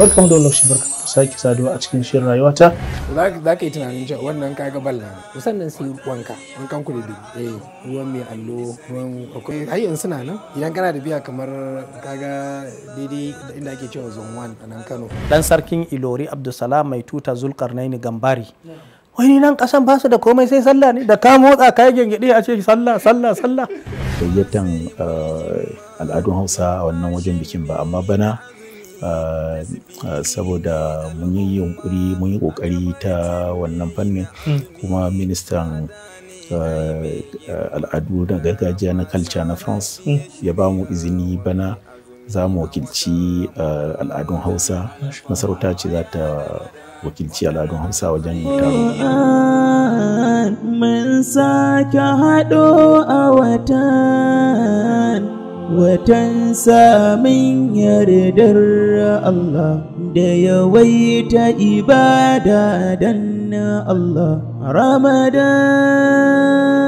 barkamu da lokaci barkamu da sake saduwa a cikin shirin rayuwata za ka yi tunanin cewa wannan kaga balla ne sannan su yi wanka wankan ku da eh ruwan mai allo ruwan akwai har yanzu suna nan idan kana da biya kamar kaga daidai inda ake cewa zone 1 a nan Kano dan sarkin Ilori Abdulsalam mai tuta Zulkarnaini Gambari wani nan kasan ba su da komai sai sallah ne da ka motsa ka yi gyangyaɗe a ce sallah sallah sallah gayyatan eh, al'adun Hausa a wannan wajen bikin ba amma bana Ah, ah, saboda mun yi yunkuri mun yi kokari ta wannan fannin hmm. kuma ministan ah, al'adu na gargajiya na culture na france hmm. ya ba mu izini bana za mu wakilci al'adun hausa masarauta ce za ta wakilci al'adun hausa wajen taro mun sake haɗo watan min yardar Allah da yawaita ibada dan Allah Ramadan